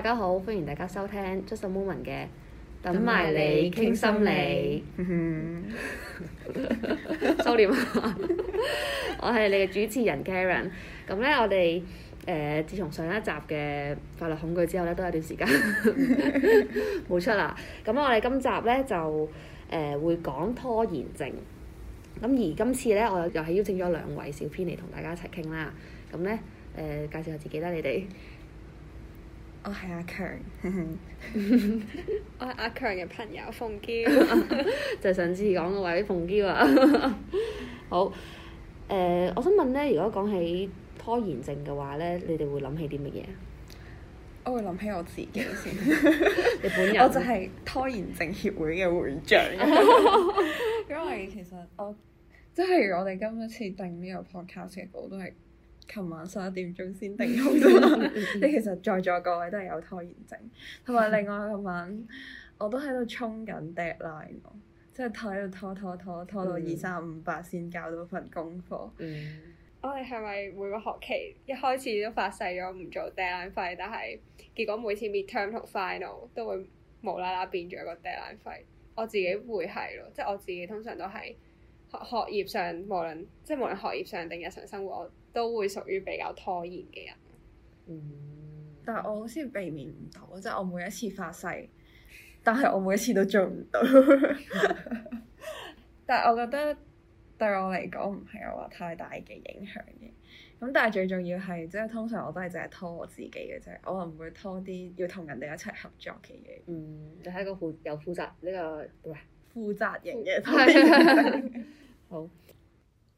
大家好，歡迎大家收聽《Just a Moment》嘅《等埋你傾心理》，收斂啊一！ 我係你嘅主持人 Karen，咁咧我哋誒、呃、自從上一集嘅法律恐懼之後咧，都有一段時間冇 出啦。咁我哋今集咧就誒、呃、會講拖延症，咁而今次咧我又係邀請咗兩位小編嚟同大家一齊傾啦。咁咧誒介紹下自己啦，你哋。我係阿強， 我係阿強嘅朋友鳳嬌 就上次講嗰位鳳嬌啊。 好，誒、呃，我想問咧，如果講起拖延症嘅話咧，你哋會諗起啲乜嘢？我會諗起我自己先。你本人，我就係拖延症協會嘅會長，因為其實我即係、就是、我哋今次定呢個 podcast 嘅稿都係，琴晚十一點鐘先定好嘅嘛，即其實在座各位都係有拖延症，同埋另外琴晚我都喺度衝緊 deadline 喎，即係拖喺度拖拖拖拖到二三五八先交到份功課。我哋係咪每個學期一開始都發誓咗唔做 deadline 費？但係結果每次 midterm 同 final 都會無啦啦變咗個 deadline 費？我自己會係咯，即係我自己通常都係學學業上無論即係無論學業上定日常生活都會屬於比較拖延嘅人，嗯，但係我好似避免唔到，即係我每一次發誓，但係我每一次都做唔到，嗯、 但係我覺得對我嚟講唔係有太大嘅影響嘅，咁但係最重要係，即、就、係、是、通常我都係淨係拖我自己嘅啫，我唔會拖啲要同人哋一齊合作嘅嘢，嗯，你係一個負有負責呢、這個唔係負責型嘅拖延，好。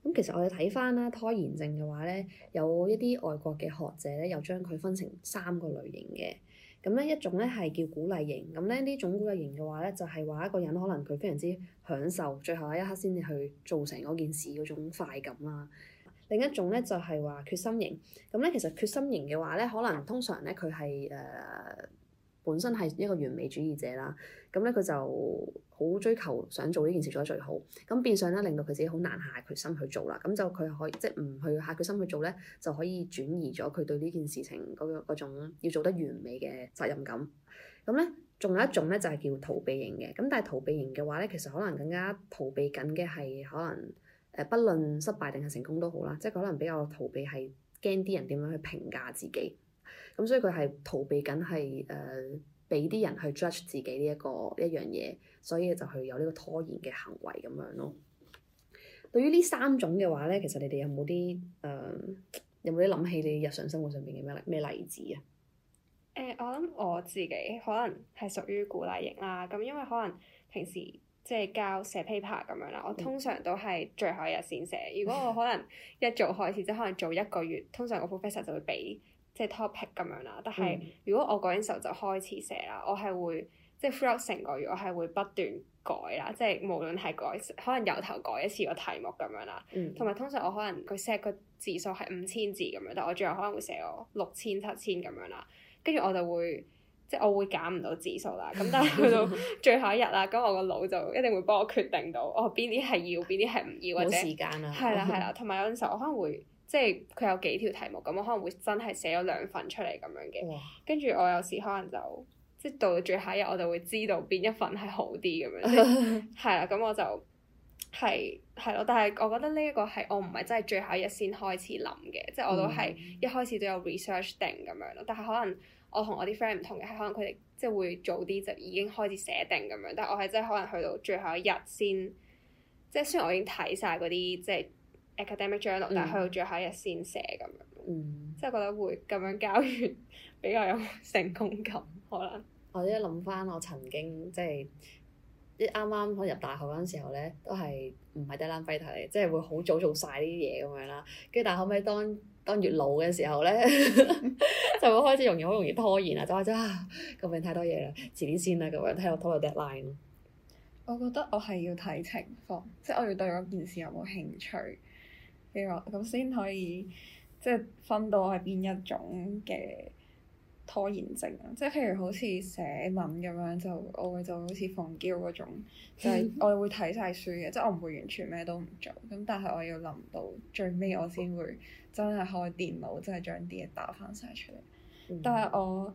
咁其實我哋睇翻啦，拖延症嘅話咧，有一啲外國嘅學者咧，又將佢分成三個類型嘅。咁咧一種咧係叫鼓勵型，咁咧呢種鼓勵型嘅話咧，就係話一個人可能佢非常之享受最後一刻先至去做成嗰件事嗰種快感啦。另一種咧就係話決心型，咁咧其實決心型嘅話咧，可能通常咧佢係誒，呃本身係一個完美主義者啦，咁咧佢就好追求想做呢件事做得最好，咁變相咧令到佢自己好難下決心去做啦，咁就佢可以即係唔去下決心去做咧，就可以轉移咗佢對呢件事情嗰種要做得完美嘅責任感。咁咧仲有一種咧就係叫逃避型嘅，咁但係逃避型嘅話咧，其實可能更加逃避緊嘅係可能誒，不論失敗定係成功都好啦，即係可能比較逃避係驚啲人點樣去評價自己。咁、嗯、所以佢係逃避緊係誒俾啲人去 judge 自己呢、這、一個一樣嘢，所以就去有呢個拖延嘅行為咁樣咯。對於呢三種嘅話咧，其實你哋有冇啲誒有冇啲諗起你日常生活上邊嘅咩咩例子啊？誒、呃，我諗我自己可能係屬於鼓勵型啦，咁因為可能平時即係交寫 paper 咁樣啦，我通常都係最後一日先寫。如果我可能一早開始 即係可能做一個月，通常個 professor 就會俾。即係 topic 咁樣啦，但係如果我嗰陣時候就開始寫啦，嗯、我係會即係 throughout 成個月，我係會不斷改啦，即、就、係、是、無論係改可能由頭改一次個題目咁樣啦，同埋、嗯、通常我可能佢 set 個字數係五千字咁樣，但我最後可能會寫我六千七千咁樣啦，跟住我就會即係、就是、我會減唔到字數啦，咁但係去到最後一日啦，咁 我個腦就一定會幫我決定到，我邊啲係要，邊啲係唔要或者時間啦、啊，係啦係啦，同埋 有陣時候我可能會。即係佢有幾條題目，咁我可能會真係寫咗兩份出嚟咁樣嘅。跟住 Yeah. 我有時可能就即係到到最後一日，我就會知道邊一份係好啲咁樣。係啦， 咁我就係係咯。但係我覺得呢一個係我唔係真係最後一日先開始諗嘅，mm. 即係我都係一開始都有 research 定咁樣咯。但係可能我，我同我啲 friend 唔同嘅，係可能佢哋即係會早啲就已經開始寫定咁樣。但係我係真係可能去到最後一日先，即係雖然我已經睇晒嗰啲即係。academic journal，但係去到最後一日先寫咁樣，即係、嗯、覺得會咁樣交完比較有成功感可能。我依家諗翻我曾經即係啱啱入大學嗰陣時候咧，都係唔係 deadline fighter，即、就、係、是、會好早做晒呢啲嘢咁樣啦。跟住但後尾當當越老嘅時候咧， 就會開始容易好容易拖延啦。就話齋，咁、啊、年太多嘢啦，遲啲先啦咁樣，睇我拖唔到 deadline。我覺得我係要睇情況，即、就、係、是、我要對嗰件事有冇興趣。咁先可以即係分到係邊一種嘅拖延症啊！即係譬如好似寫文咁樣，就我就好似放嬌嗰種， 就係我會睇晒書嘅，即係我唔會完全咩都唔做，咁但係我要諗到最尾，我先會真係開電腦，真係將啲嘢打翻晒出嚟。嗯。但係我。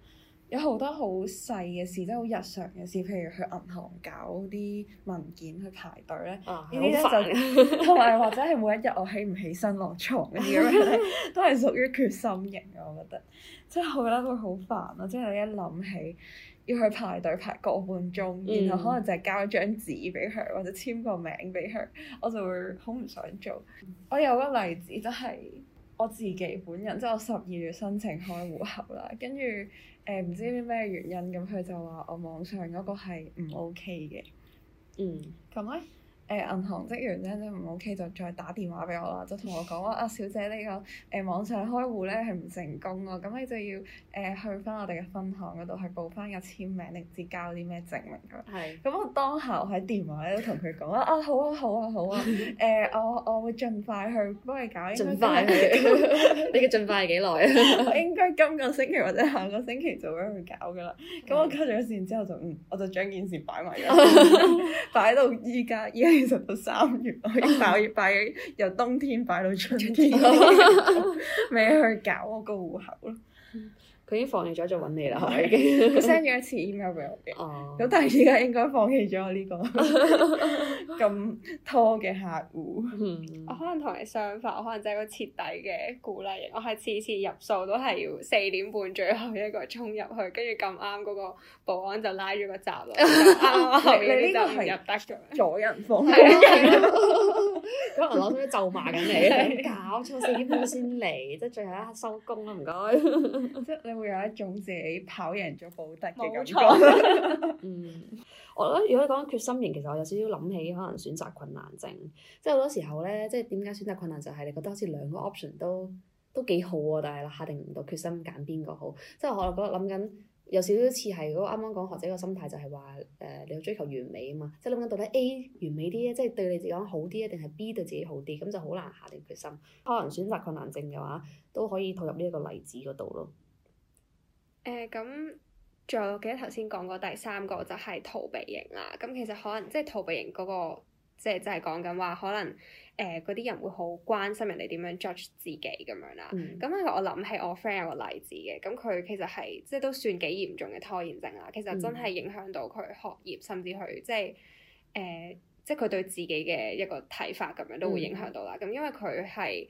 有好多好細嘅事，即係好日常嘅事，譬如去銀行搞啲文件去排隊咧，呢啲、啊、就同埋煩、啊、 或者係每一日我起唔起身落床，嗰啲咁樣咧，都係屬於決心型嘅。我覺得，即係好覺得佢好煩咯。即、就、係、是、一諗起要去排隊排個半鐘，然後可能就係交張紙俾佢或者簽個名俾佢，我就會好唔想做。我有個例子就係、是、我自己本人，即、就、係、是、我十二月申請開戶口啦，跟住。誒，呃，唔知咩原因，咁佢就話我網上嗰個係唔 OK 嘅，嗯，咁咧？誒銀行職員咧都唔 OK，就再打電話俾我啦，就同我講話 啊，小姐你、這個誒網上開戶咧係唔成功喎，咁你就要誒、呃、去翻我哋嘅分行嗰度去補翻個簽名，乃至交啲咩證明㗎啦。係對。咁我當下我喺電話咧都同佢講話啊，好啊好啊好啊，誒、啊 呃、我我會盡快去幫你搞，盡 快你嘅盡快係幾耐啊？ 應該今個星期或者下個星期就會去搞㗎啦。咁我 cut 咗線之後就嗯，我就將件事擺埋咗，擺到依家而係。其實到三月，我已經擺，擺由冬天擺到春天，未 去搞我個戶口咯。佢已經放棄咗，就揾你啦。佢 send 咗一次 email 俾我嘅。哦。咁但係而家應該放棄咗呢個咁拖嘅客戶。我可能同你相反，可能就係個徹底嘅顧慮。我係次次入數都係要四點半最後一個衝入去，跟住咁啱嗰個保安就拉咗個閘啦。啱啊，後面呢度唔入得咗。阻人放棄。啱我攞咗啲咒罵緊你，你搞錯四點半先嚟，即係最後一刻收工啦，唔該。會有一種自己跑贏咗保德嘅感覺。沒錯 嗯，我覺得如果你講決心型，其實我有少少諗起可能選擇困難症。即係好多時候咧，即係點解選擇困難，就係、是、你覺得好似兩個 option 都都幾好啊，但係落下定唔到決心揀邊個好。即係我覺得諗緊有少少似係嗰啱啱講學者嘅心態就，就係話誒你去追求完美啊嘛。即係諗緊到底 A 完美啲咧，即、就、係、是、對你自己好啲，定係 B 對自己好啲？咁就好難下定決心。可能選擇困難症嘅話，都可以套入呢一個例子嗰度咯。誒，咁仲、呃、有記得頭先講過第三個就係逃避型啦。咁、嗯嗯、其實可能即係逃避型嗰、嗰個，即係就係講緊話，可能誒嗰啲人會好關心人哋點樣 judge 自己咁樣啦。咁、嗯、我諗係我 friend 有個例子嘅，咁佢其實係即係都算幾嚴重嘅拖延症啦。其實真係影響到佢學業，甚至佢，即係誒、呃，即係佢對自己嘅一個睇法咁樣都會影響到啦。咁、嗯嗯、因為佢係。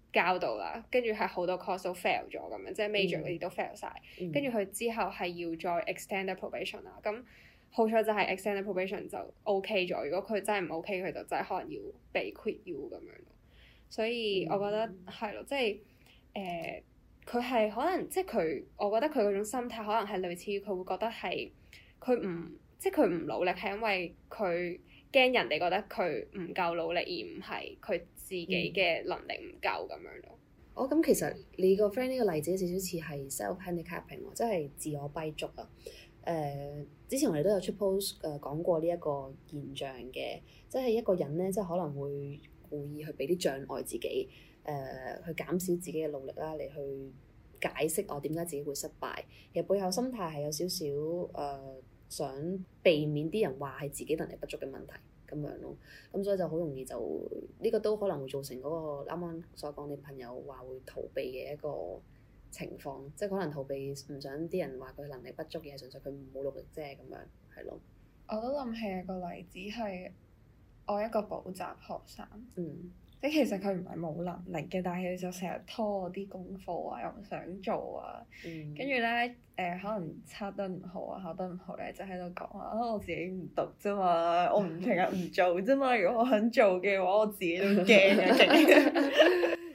教到啦，跟住係好多 course 都 fail 咗咁樣，即係 major 嗰啲都 fail 晒。跟住佢之後係要再 extended probation 啦。咁、嗯、好彩就係 extended probation 就 OK 咗。如果佢真係唔 OK，佢就真係可能要被 quit you 咁樣。所以我覺得係咯，即係誒，佢係、就是呃、可能即係佢，我覺得佢嗰種心態可能係類似於佢會覺得係佢唔即係佢唔努力係因為佢驚人哋覺得佢唔夠努力，而唔係佢自己嘅能力唔夠咁樣咯。哦，咁其實你個 friend 呢個例子有少少似係 self handicapping，即係自我跛足啊。誒、呃，之前我哋都有出 post 誒、呃、講過呢一個現象嘅，即係一個人咧，即係可能會故意去俾啲障礙自己，誒、呃、去減少自己嘅努力啦，嚟去解釋我點解自己會失敗。其實背後心態係有少少誒，想避免啲人話係自己能力不足嘅問題。咁樣咯，咁、嗯、所以就好容易就呢、呢個都可能會造成嗰、嗰個啱啱所講你朋友話會逃避嘅一個情況，即係可能逃避唔想啲人話佢能力不足，嘅，係純粹佢唔好努力啫咁樣，係咯。我都諗起一個例子係我一個補習學生。嗯。即其實佢唔係冇能力嘅，但係佢就成日拖嗰啲功課啊，又唔想做啊。跟住咧，誒、呃、可能測得唔好啊，考得唔好咧，就喺度講啊，我自己唔讀啫嘛，我唔成日唔做啫嘛。如果我肯做嘅話，我自己都驚。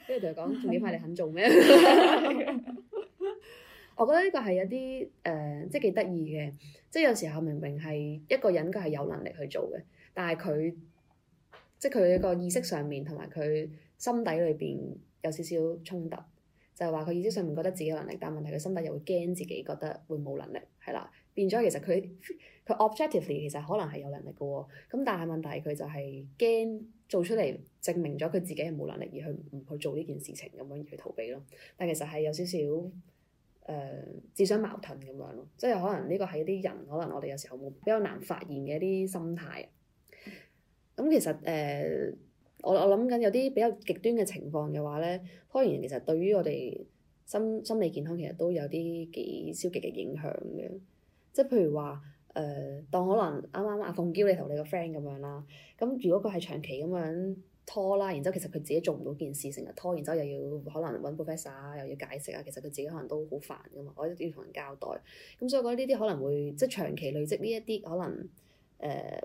跟住就講做點解你肯做咩？ 我覺得呢個係有啲誒，即係幾得意嘅。即係有時候明明係一個人，佢係有能力去做嘅，但係佢。即係佢個意識上面，同埋佢心底裏邊有少少衝突，就係話佢意識上面覺得自己有能力，但問題佢心底又會驚自己覺得會冇能力，係啦，變咗其實佢佢 objectively 其實可能係有能力嘅喎，咁但係問題佢就係驚做出嚟證明咗佢自己係冇能力，而去唔去做呢件事情咁樣而去逃避咯，但其實係有少少誒、呃、自相矛盾咁樣咯，即係可能呢個係一啲人可能我哋有時候會比較難發現嘅一啲心態。咁、嗯、其實誒、呃，我我諗緊有啲比較極端嘅情況嘅話咧，拖延其實對於我哋心心理健康其實都有啲幾消極嘅影響嘅。即係譬如話誒、呃，當可能啱啱阿鳳嬌你同你個 friend 咁樣啦，咁如果佢係長期咁樣拖啦，然之後其實佢自己做唔到件事，成日拖，然之後又要可能揾 professor 又要解釋啊，其實佢自己可能都好煩㗎嘛，我都要同人交代。咁所以我覺得呢啲可能會即係長期累積呢一啲可能誒、呃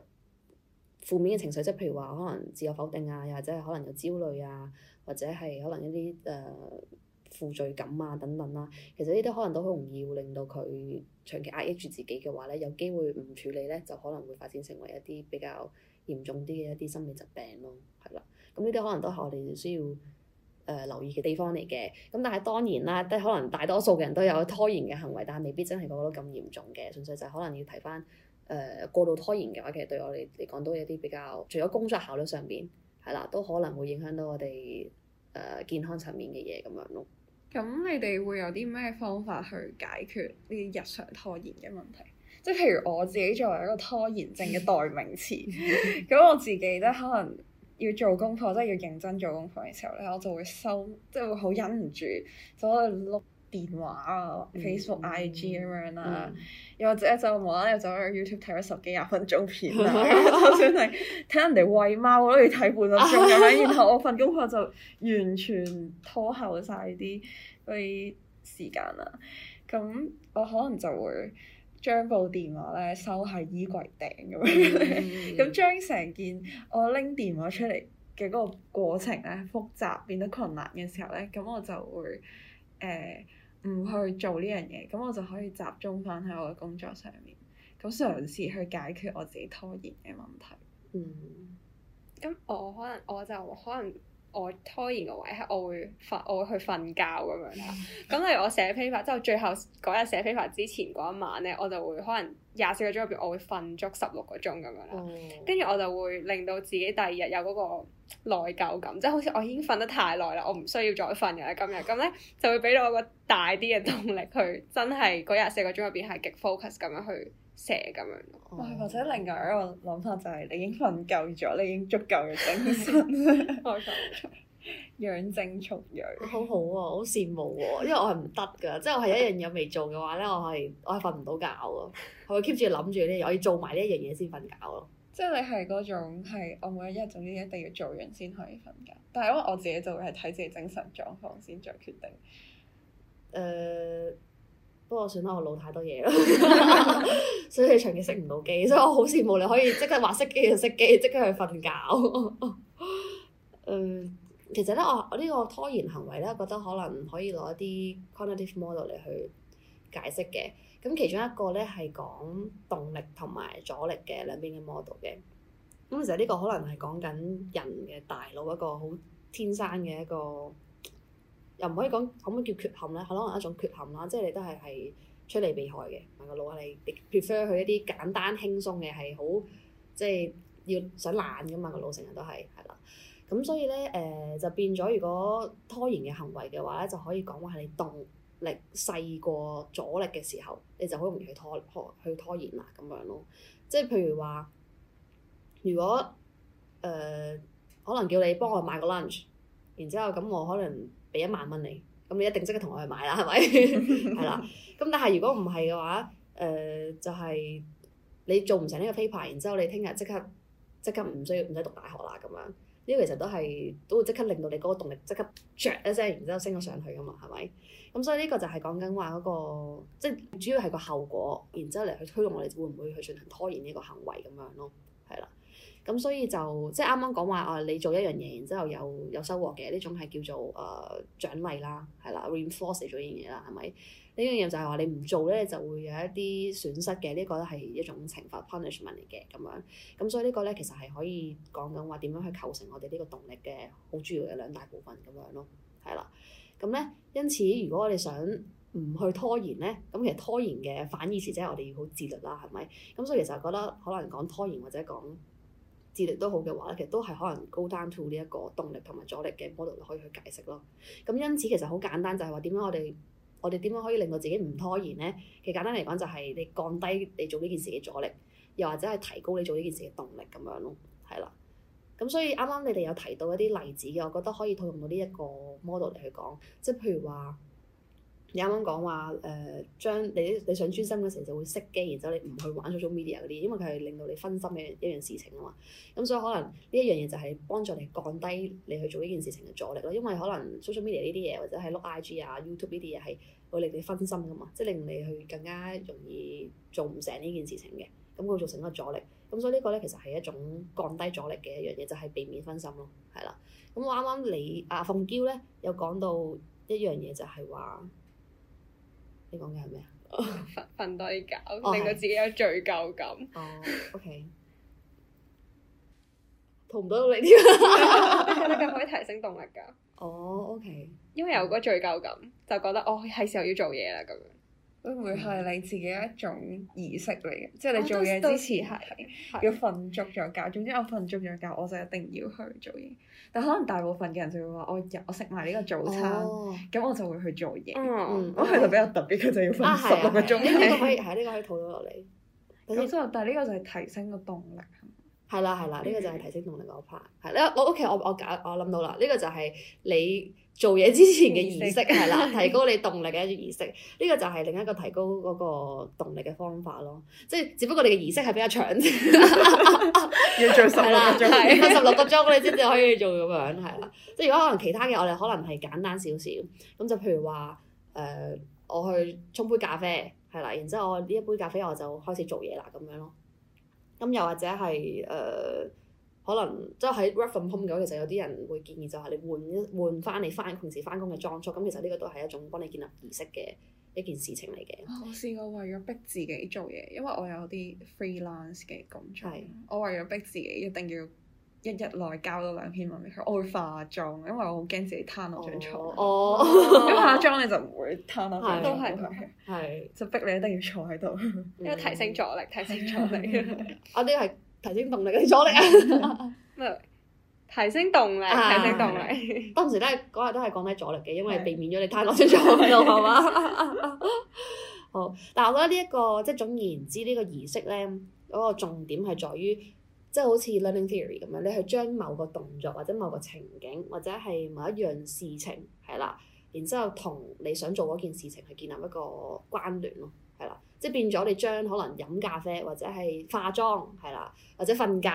負面嘅情緒，即係譬如話，可能自我否定啊，又或者係可能有焦慮啊，或者係可能一啲誒、呃、負罪感啊等等啦。其實呢啲可能都好容易會令到佢長期壓抑住自己嘅話咧，有機會唔處理咧，就可能會發展成為一啲比較嚴重啲嘅一啲心理疾病咯，係啦。咁呢啲可能都係我哋需要誒、呃、留意嘅地方嚟嘅。咁但係當然啦，都可能大多數嘅人都有拖延嘅行為，但係未必真係個個都咁嚴重嘅，純粹就係可能要提翻。誒、呃、過度拖延嘅話，其實對我哋嚟講都有一啲比較，除咗工作效率上邊，係啦，都可能會影響到我哋誒、呃、健康層面嘅嘢咁樣咯。咁你哋會有啲咩方法去解決呢啲日常拖延嘅問題？ 即係譬如我自己作為一個拖延症嘅代名詞，咁 我自己咧可能要做功課，即係要認真做功課嘅時候咧，我就會收，即係會好忍唔住左碌。電話啊、嗯、，Facebook IG,、嗯、IG 咁樣啦，又或者就無啦啦走去 YouTube 睇咗十幾廿分鐘片啦， 就算係睇人哋餵貓，我都要睇半粒鐘咁樣。 然後我份功課就完全拖後晒啲啲時間啦。咁我可能就會將部電話咧收喺衣櫃頂咁樣，咁將成件我拎電話出嚟嘅嗰個過程咧複雜變得困難嘅時候咧，咁我就會誒、呃呃唔去做呢樣嘢，咁我就可以集中返喺我嘅工作上面，咁嘗試去解決我自己拖延嘅問題。嗯，咁、嗯、我可能我就可能。我拖延嘅位，係我會瞓，我會去瞓覺咁樣啦。咁例 如我寫 paper，之後最後嗰日寫 paper 之前嗰一晚咧，我就會可能廿四個鐘入邊，我會瞓足十六個鐘咁樣啦。跟住、哦、我就會令到自己第二日有嗰個內疚感，即、就、係、是、好似我已經瞓得太耐啦，我唔需要再瞓噶啦。今日咁咧就會俾到我個大啲嘅動力去真係嗰日四個鐘入邊係極 focus 咁樣去。蛇咁樣，或者另外一個諗法就係你已經瞓夠咗，你已經足夠嘅精神，我養精蓄銳。好好喎，好羨慕喎，因為我係唔得噶，即係我係一樣嘢未做嘅話咧，我係我係瞓唔到覺咯，我， 我會 keep 住諗住呢樣，我要做埋呢一樣嘢先瞓覺咯。即係你係嗰種係， 我每一日總之一定要做完先可以瞓覺，但係因為我自己就會係睇自己精神狀況先再決定。誒。 不過算啦，我腦太多嘢啦， 所以長期熄唔到機，所以我好羨慕你可以即刻話熄機就熄機，即刻去瞓覺。嗯、 呃，其實咧，我我呢個拖延行為咧，覺得可能可以攞一啲 quantitive model 嚟去解釋嘅。咁其中一個咧係講動力同埋阻力嘅兩邊嘅 model 嘅。咁其實呢個可能係講緊人嘅大腦一個好天生嘅一個。又唔可以講可唔可以叫缺陷咧？可能一種缺陷啦，即係你都係係出嚟被害嘅，個腦你 prefer 佢一啲簡單輕鬆嘅，係好即係要想懶噶嘛，個腦成日都係係啦。咁所以咧誒、呃，就變咗如果拖延嘅行為嘅話咧，就可以講話係你動力細過阻力嘅時候，你就好容易去拖，拖去拖延啦咁樣咯。即係譬如話，如果誒、呃、可能叫你幫我買個 lunch，然之後咁我可能。俾一萬蚊你，咁你一定即刻同我去買啦，係咪？係 啦。咁但係如果唔係嘅話，誒、呃、就係、是、你做唔成呢個 paper，然之後你聽日即刻即刻唔需要唔使讀大學啦，咁樣呢？呢個、其實都係都會即刻令到你嗰個動力即刻着一聲，然之後升咗上去噶嘛，係咪？咁所以呢個就係講緊話嗰個，即、就、係、是、主要係個後果，然之後嚟去推動我哋會唔會去進行拖延呢個行為咁樣咯，係啦。咁所以就即係啱啱講話啊，你做一樣嘢，然之後有有收穫嘅呢種係叫做誒獎勵啦，係啦，reinforce 咗呢樣嘢啦，係咪？呢樣嘢就係話你唔做咧，就會有一啲損失嘅。呢、呢個咧係一種懲罰 punishment 嚟嘅咁樣。咁所以個呢個咧其實係可以講緊話點樣去構成我哋呢個動力嘅好主要嘅兩大部分咁樣咯，係啦。咁咧，因此如果我哋想唔去拖延咧，咁其實拖延嘅反義詞即係我哋要好自律啦，係咪？咁所以其實覺得可能講拖延或者講。智力都好嘅話，其實都係可能 go down to 呢一個動力同埋阻力嘅 model 可以去解釋咯。咁因此其實好簡單就，就係話點解我哋我哋點樣可以令到自己唔拖延呢？其實簡單嚟講就係你降低你做呢件事嘅阻力，又或者係提高你做呢件事嘅動力咁樣咯，係啦。咁所以啱啱你哋有提到一啲例子嘅，我覺得可以套用到呢一個 model 嚟去講，即係譬如話。你啱啱講話誒，將、呃、你你想專心嘅時就會熄機，然之後你唔去玩 Social media 嗰啲，因為佢係令到你分心嘅一樣事情啊嘛。咁所以可能呢一樣嘢就係幫助你降低你去做呢件事情嘅阻力咯，因為可能 social media 呢啲嘢或者係 look I G 啊、YouTube 呢啲嘢係會令你分心噶嘛，即係令你去更加容易做唔成呢件事情嘅，咁佢做成一個阻力。咁所以個呢個咧其實係一種降低阻力嘅一樣嘢，就係、是、避免分心咯，係啦。咁我啱啱你阿鳳嬌咧有講到一樣嘢，就係話。你講嘅係咩啊？瞓多啲覺、oh, 令到自己有罪疚感。哦、oh,，OK，同唔到你啲，但 可以提升動力㗎。哦、oh,，OK，因為有個罪疚感，就覺得哦係時候要做嘢啦咁樣。會唔會係你自己一種儀式嚟嘅？即係你做嘢之前係要瞓足咗、嗯、覺。的總之我瞓足咗覺，我就一定要去做嘢。但可能大部分嘅人就會話：我我食埋呢個早餐，咁、哦、我就會去做嘢。我係就比較特別，佢就要瞓十六個鐘。呢個、啊啊啊、 可以係呢個可以討論落嚟。咁之後， 但係呢個就係提升個動力。係啦，係啦，呢、這個就係提升動力嗰 part。係咧，我屋企我我搞我諗到啦，呢、這個就係你做嘢之前嘅儀式。係啦，提高你動力嘅一啲儀式。呢、這個就係另一個提高嗰個動力嘅方法咯。即係只不過你嘅儀式係比較長。 要做十六個鐘，十六的 個鐘 你先至可以做咁樣，係啦。即係如果可能其他嘅，我哋可能係簡單少少。咁就譬如話，誒、呃，我去沖杯咖啡，係啦，然之後我呢一杯咖啡我就開始做嘢啦，咁樣咯。咁又、嗯、或者係誒、呃，可能即係喺 work from home 嘅話，其實有啲人會建議就係你換一換翻你翻平時翻工嘅裝束。咁、嗯、其實呢個都係一種幫你建立儀式嘅一件事情嚟嘅。我試過為咗逼自己做嘢，因為我有啲 freelance 嘅工作，是我為咗逼自己一定要，一日內交到兩篇文，我會化妝，因為我好驚自己攤落張牀、哦。哦，一化妝你就唔會攤落張牀。都係的，係，就逼你一定要坐喺度，因為提升阻力，提升阻力。我呢個係提升動力嘅阻力啊，咩？ 提升動力，提升動力。 啊、當時咧嗰日都係講緊阻力嘅，的因為避免咗你攤落張牀喺度，係嘛？好，嗱，我覺得呢、這、一個即係總而言之，呢個儀式咧嗰、那個重點係在於。即係好似 learning theory 咁樣，你係將某個動作或者某個情景或者係某一樣事情係啦，然之後同你想做嗰件事情係建立一個關聯咯。係啦，即係變咗你將可能飲咖啡或者係化妝，係啦，或者瞓覺，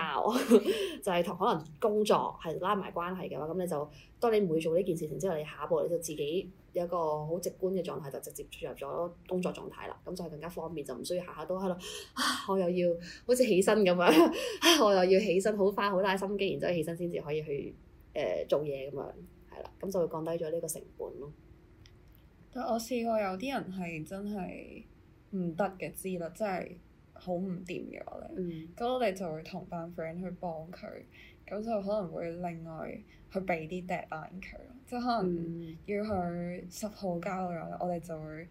就係同可能工作係拉埋關係嘅話，咁你就當你每做呢件事情之後，你下一步你就自己有一個好直觀嘅狀態，就直接進入咗工作狀態啦。咁就係更加方便，就唔需要下下都喺度啊，我又要好似起身咁樣，啊，我又要起身好花好大心機，然之後起身先至可以去誒、呃、做嘢咁樣，係啦，咁就會降低咗呢個成本咯。但我試過有啲人係真係。唔得嘅知啦真係好唔掂嘅話咧，咁、嗯、我哋就會同班 friend 去幫佢，咁就可能會另外去俾啲 deadline 佢，即係可能要去十號交咗，我哋就會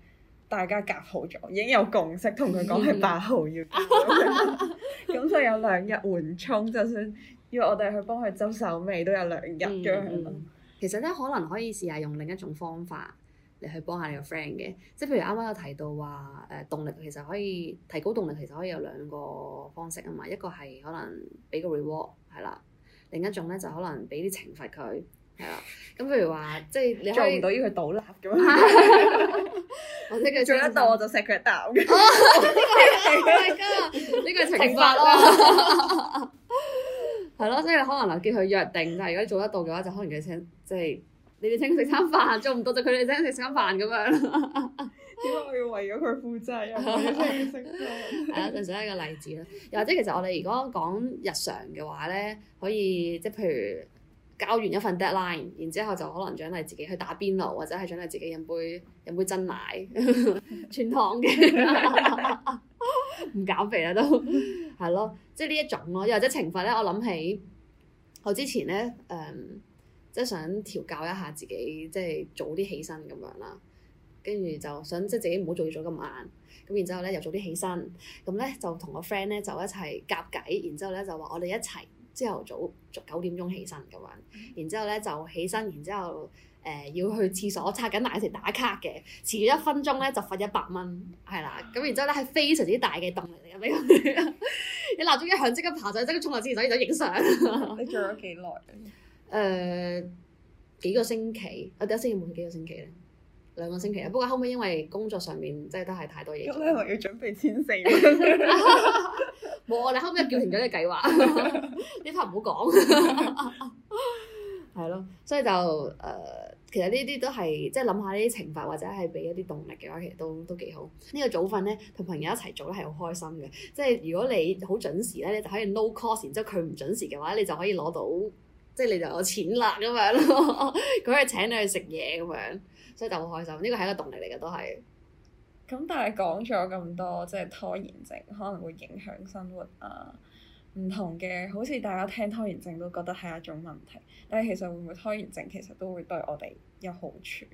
大家夾好咗，已經有共識同佢講係八號要，咁就有兩日緩衝，就算要我哋去幫佢執手尾都有兩日嘅。嗯、其實咧，可能可以試下用另一種方法。你去幫下你個 friend 嘅，即係譬如啱啱有提到話，誒、呃、動力其實可以提高動力，其實可以有兩個方式啊嘛，一個係可能俾個 reward 係啦，另一種咧就可能俾啲懲罰佢係啦。咁譬如話，即係你做唔到要佢倒立咁， 我做得到我就錫佢一啖嘅。係㗎，呢個係懲罰咯、啊。係咯，即係可能叫佢約定，但係如果你做得到嘅話，就可能佢請即係。你哋請食餐飯，做唔到就佢哋請食餐飯咁樣，點解我要為咗佢負責啊？係啊， 就作為一個例子啦。又或者其實我哋如果講日常嘅話咧，可以即係譬如交完一份 deadline，然之後就可能獎勵自己去打邊爐，或者係獎勵自己飲杯飲杯珍奶，全糖嘅，唔 減肥啊都係咯。即係呢一種咯，又或者懲罰咧，我諗起我之前咧誒。嗯即係想調教一下自己，即係早啲起身咁樣啦。跟住就想，即係自己唔好做嘢做咁晏。咁然之後咧，又早啲起身。咁咧就同個 friend 咧就一齊夾計。然之後咧就話我哋一齊朝頭早九點鐘起身咁樣。然之後咧就起身。然之後誒要去廁所刷緊牙嗰時打卡嘅，遲咗一分鐘咧就罰一百蚊，係啦。咁然之後咧係非常之大嘅動力嚟嘅、嗯。 你鬧鐘一響即刻爬走，即刻衝入廁所就，就影相。你做咗幾耐？ 誒、uh, 幾個星期，我第一星期冇幾個星期咧，兩個星期啦。不過後尾因為工作上面真係都係太多嘢。咁你要準備千四。 冇啊！你後尾叫停咗個計劃，呢 part 唔好講。係 咯， 所以就誒、呃，其實呢啲都係即係諗下呢啲懲罰，或者係俾一啲動力嘅話，其實都都幾好。這個、呢個早瞓咧，同朋友一齊做咧係好開心嘅。即、就、係、是、如果你好準時咧，你就可以 no cost，然之後佢唔準時嘅話，你就可以攞到。即係你就有錢啦咁樣咯，佢 係請你去食嘢咁樣，所以就好開心。呢個係一個動力嚟嘅都係。咁但係講咗咁多，即係拖延症可能會影響生活啊，唔同嘅，好似大家聽拖延症都覺得係一種問題，但係其實會唔會拖延症其實都會對我哋有好處？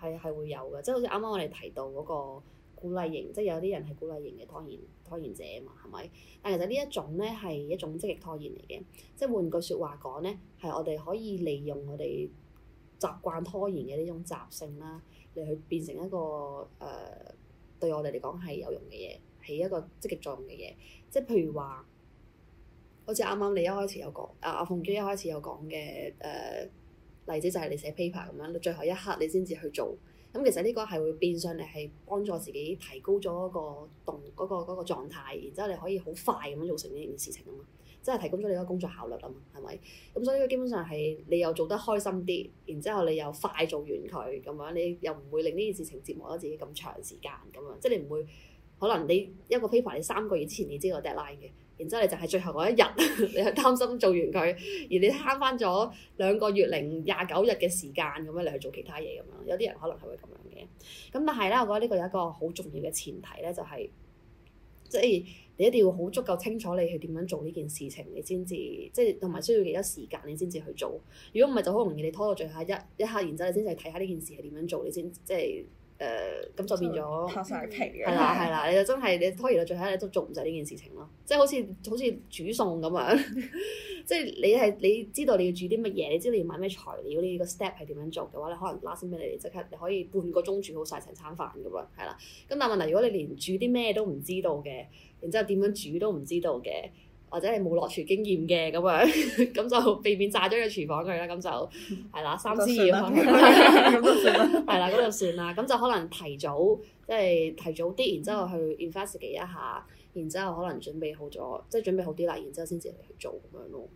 係係會有嘅，即係好似啱啱我哋提到嗰個。鼓勵型，即係有啲人係鼓勵型嘅拖延拖延者啊嘛，係咪？但其實呢一種咧係一種積極拖延嚟嘅，即係換句説話講咧，係我哋可以利用我哋習慣拖延嘅呢種習性啦，嚟去變成一個誒、呃、對我哋嚟講係有用嘅嘢，起一個積極作用嘅嘢。即係譬如話，好似啱啱你一開始有講，啊阿鳳姐一開始有講嘅誒、呃、例子就係你寫 paper 咁樣，最後一刻你先至去做。咁、嗯、其實呢個係會變相你係幫助自己提高咗一個動嗰、嗰個嗰、嗰個狀態，然之後你可以好快咁樣做成呢件事情啊嘛，即係提供咗你個工作效率啊嘛，係咪？咁、嗯、所以呢個基本上係你又做得開心啲，然之後你又快做完佢咁樣，你又唔會令呢件事情折磨咗自己咁長時間咁樣，即係你唔會可能你一個 paper 你三個月之前你知道 deadline 嘅。然之後，就後你就係最後嗰一日，你係擔心做完佢，而你慳翻咗兩個月零廿九日嘅時間咁樣，你去做其他嘢咁樣。有啲人可能係會咁樣嘅。咁但係咧，我覺得呢個有一個好重要嘅前提咧、就係，就係即係你一定要好足夠清楚你係點樣做呢件事情，你先至即係同埋需要幾多時間，你先至去做。如果唔係就好容易你拖到最後一一刻，然之後你先至睇下呢件事係點樣做，你先即係。誒咁、呃、就變咗，係啦係啦，你就真係你拖延到最後，你都做唔晒呢件事情咯。即、就、係、是、好似好似煮餸咁樣，即 係你係你知道你要煮啲乜嘢，你知道你要買咩材料，你個 step 係點樣做嘅話，你可能 last minute 俾你即刻你可以半個鐘煮好晒成餐飯咁樣，係啦。咁但問題如果你連煮啲咩都唔知道嘅，然之後點樣煮都唔知道嘅。或者係冇落廚經驗嘅咁樣，咁就避免炸咗個廚房佢啦。咁就係啦， 三思而行，係啦，咁就算啦。咁就可能提早即係、就是、提早啲，然之後去 investigate 一下，然之後可能準備好咗，即係準備好啲啦，然之後先至嚟去做咁樣咯。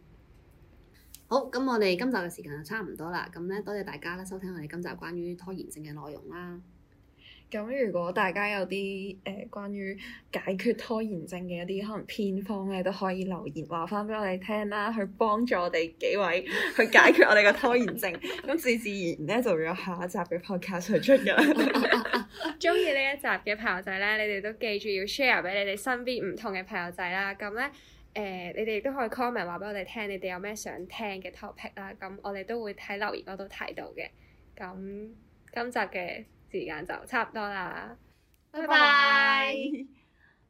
好，咁我哋今集嘅時間就差唔多啦。咁咧，多謝大家啦，收聽我哋今集關於拖延症嘅內容啦。咁如果大家有啲誒、呃、關於解決拖延症嘅一啲可能偏方咧，都可以留言話翻俾我哋聽啦，去幫助我哋幾位去解決我哋個拖延症。咁 自自然咧就會有下一集嘅 podcast 出噶。中意呢一集嘅朋友仔咧，你哋都記住要 share 俾你哋身邊唔同嘅朋友仔啦。咁咧誒，你哋都可以 comment 話俾我哋聽，你哋有咩想聽嘅 topic 啦。咁我哋都會喺留言嗰度睇到嘅。咁今集嘅時間就差唔多啦，拜拜。